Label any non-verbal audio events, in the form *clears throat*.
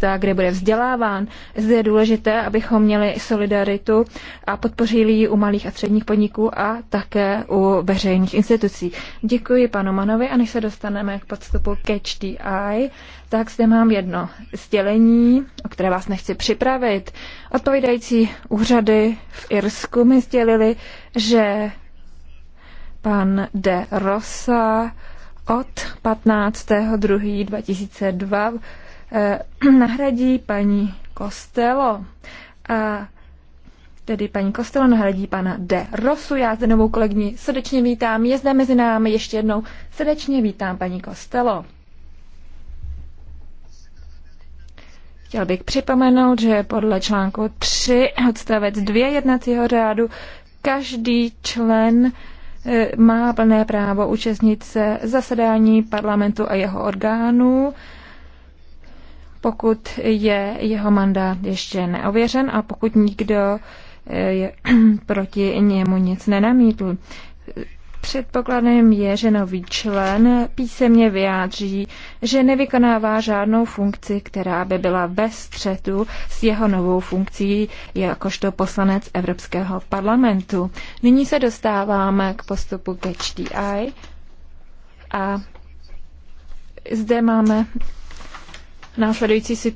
místa, kde bude vzděláván. Zde je důležité, abychom měli solidaritu a podpořili ji u malých a středních podniků a také u veřejných institucí. Děkuji panu Manovi a než se dostaneme k podstupu Catch the Eye, tak zde mám jedno sdělení, o které vás nechci připravit. Odpovídající úřady v Irsku mi sdělili, že pan de Rosa od 15.2.2002 Eh, *clears throat* nahradí paní Kostelo. A tedy paní Kostelo nahradí pana De Rosu. Já zde novou kolegyni srdečně vítám. Je zde mezi námi ještě jednou. Srdečně vítám paní Kostelo. Chtěl bych připomenout, že podle článku 3 odstavec 2 jednacího řádu každý člen eh, má plné právo účastnit se zasedání parlamentu a jeho orgánů pokud je jeho mandát ještě neověřen a pokud nikdo eh, je, *clears throat* proti němu nic nenamítl. Předpokladem je, že nový člen písemně vyjádří, že nevykonává žádnou funkci, která by byla ve střetu s jeho novou funkcí jakožto poslanec Evropského parlamentu. Nyní se dostáváme k postupu ke HDI a zde máme následující situaci.